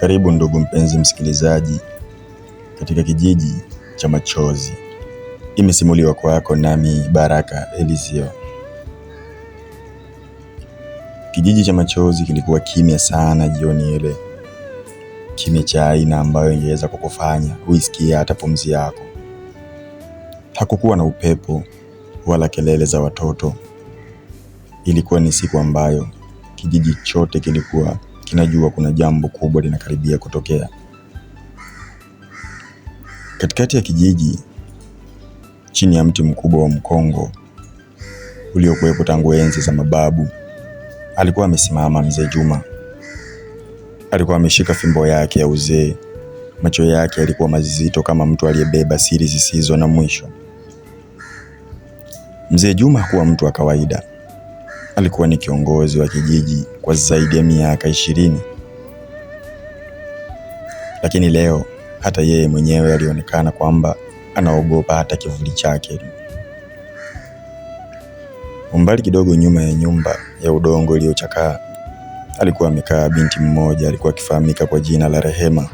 Karibu ndugu mpenzi msikilizaji, katika kijiji cha machozi imesimuliwa kwako nami Baraka Elisio. Kijiji cha machozi kilikuwa kimya sana jioni ile, kimya cha aina ambayo ingeweza kukufanya uisikie hata pumzi yako. Hakukuwa na upepo wala kelele za watoto. Ilikuwa ni siku ambayo kijiji chote kilikuwa kinajua kuna jambo kubwa linakaribia kutokea. Katikati ya kijiji, chini ya mti mkubwa wa mkongo uliokuwepo tangu enzi za mababu, alikuwa amesimama mzee Juma. Alikuwa ameshika fimbo yake ya uzee. Macho yake yalikuwa mazito kama mtu aliyebeba siri zisizo na mwisho. Mzee Juma hakuwa mtu wa kawaida alikuwa ni kiongozi wa kijiji kwa zaidi ya miaka ishirini, lakini leo hata yeye mwenyewe alionekana kwamba anaogopa hata kivuli chake. Umbali kidogo nyuma ya nyumba ya udongo iliyochakaa alikuwa amekaa binti mmoja alikuwa akifahamika kwa jina la Rehema,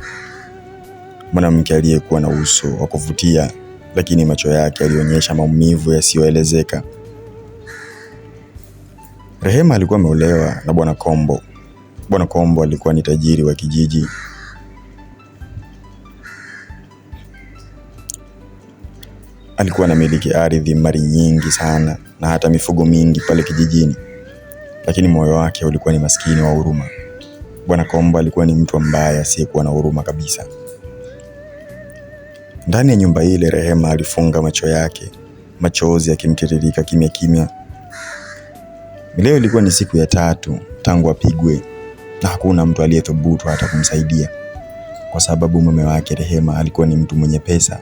mwanamke aliyekuwa na uso wa kuvutia, lakini macho yake alionyesha maumivu yasiyoelezeka. Rehema alikuwa ameolewa na Bwana Kombo. Bwana Kombo alikuwa ni tajiri wa kijiji. Alikuwa na miliki ardhi, mali nyingi sana na hata mifugo mingi pale kijijini, lakini moyo wake ulikuwa ni maskini wa huruma. Bwana Kombo alikuwa ni mtu mbaya asiyekuwa na huruma kabisa. Ndani ya nyumba ile, Rehema alifunga macho yake, machozi yakimtiririka kimya kimya. Leo ilikuwa ni siku ya tatu tangu apigwe na hakuna mtu aliyethubutu hata kumsaidia, kwa sababu mume wake Rehema alikuwa ni mtu mwenye pesa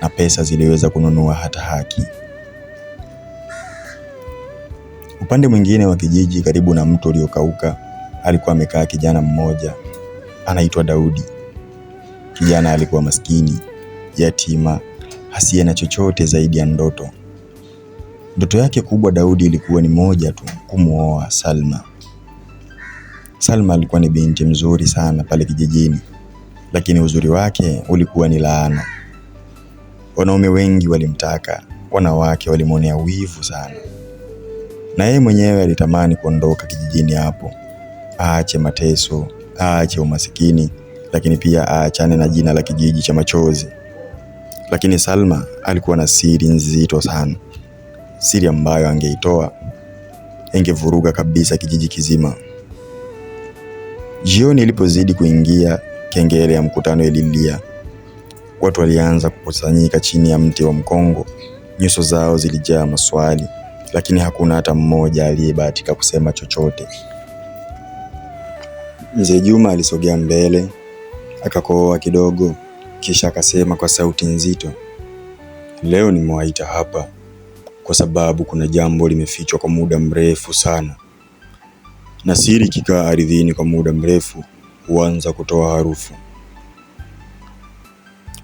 na pesa ziliweza kununua hata haki. Upande mwingine wa kijiji, karibu na mto uliokauka, alikuwa amekaa kijana mmoja anaitwa Daudi. Kijana alikuwa maskini, yatima, asiye na chochote zaidi ya ndoto. Ndoto yake kubwa Daudi ilikuwa ni moja tu, kumwoa Salma. Salma alikuwa ni binti mzuri sana pale kijijini, lakini uzuri wake ulikuwa ni laana. Wanaume wengi walimtaka, wanawake walimwonea wivu sana, na yeye mwenyewe alitamani kuondoka kijijini hapo, aache mateso, aache umasikini, lakini pia aachane na jina la kijiji cha machozi. Lakini Salma alikuwa na siri nzito sana, siri ambayo angeitoa ingevuruga kabisa kijiji kizima. Jioni ilipozidi kuingia, kengele ya mkutano ililia. Watu walianza kukusanyika chini ya mti wa mkongo. Nyuso zao zilijaa maswali, lakini hakuna hata mmoja aliyebahatika kusema chochote. Mzee Juma alisogea mbele, akakohoa kidogo, kisha akasema kwa sauti nzito, leo nimewaita hapa kwa sababu kuna jambo limefichwa kwa muda mrefu sana, na siri ikikaa ardhini kwa muda mrefu huanza kutoa harufu.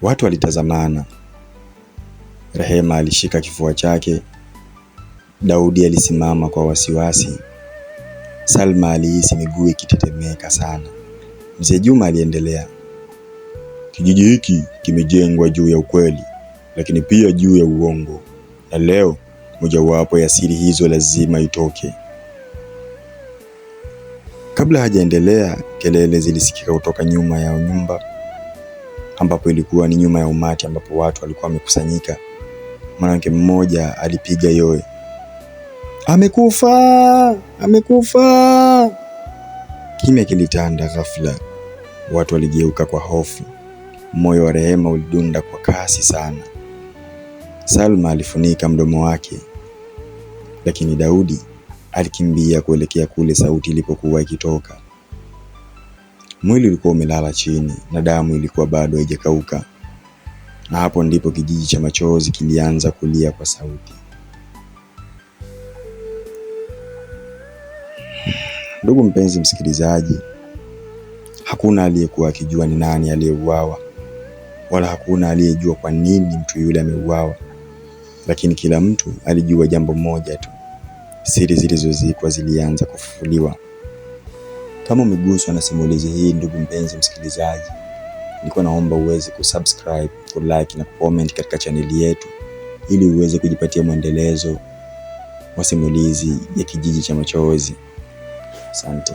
Watu walitazamana. Rehema alishika kifua chake, Daudi alisimama kwa wasiwasi, Salma alihisi miguu ikitetemeka sana. Mzee Juma aliendelea, kijiji hiki kimejengwa juu ya ukweli, lakini pia juu ya uongo, na leo mojawapo ya siri hizo lazima itoke. Kabla hajaendelea, kelele zilisikika kutoka nyuma ya nyumba, ambapo ilikuwa ni nyuma ya umati ambapo watu walikuwa wamekusanyika. Mwanamke mmoja alipiga yoe, amekufa, amekufa. Kimya kilitanda ghafla, watu waligeuka kwa hofu, moyo wa Rehema ulidunda kwa kasi sana. Salma alifunika mdomo wake, lakini Daudi alikimbia kuelekea kule sauti ilipokuwa ikitoka. Mwili ulikuwa umelala chini na damu ilikuwa bado haijakauka, na hapo ndipo kijiji cha machozi kilianza kulia kwa sauti. Ndugu mpenzi msikilizaji, hakuna aliyekuwa akijua ni nani aliyeuawa, wala hakuna aliyejua kwa nini mtu yule ameuawa, lakini kila mtu alijua jambo moja tu siri zilizozikwa zilianza kufufuliwa. Kama umeguswa na simulizi hii, ndugu mpenzi msikilizaji, nilikuwa naomba uweze kusubscribe, kulike na kucomment katika chaneli yetu ili uweze kujipatia mwendelezo wa simulizi ya Kijiji cha Machozi. Asante.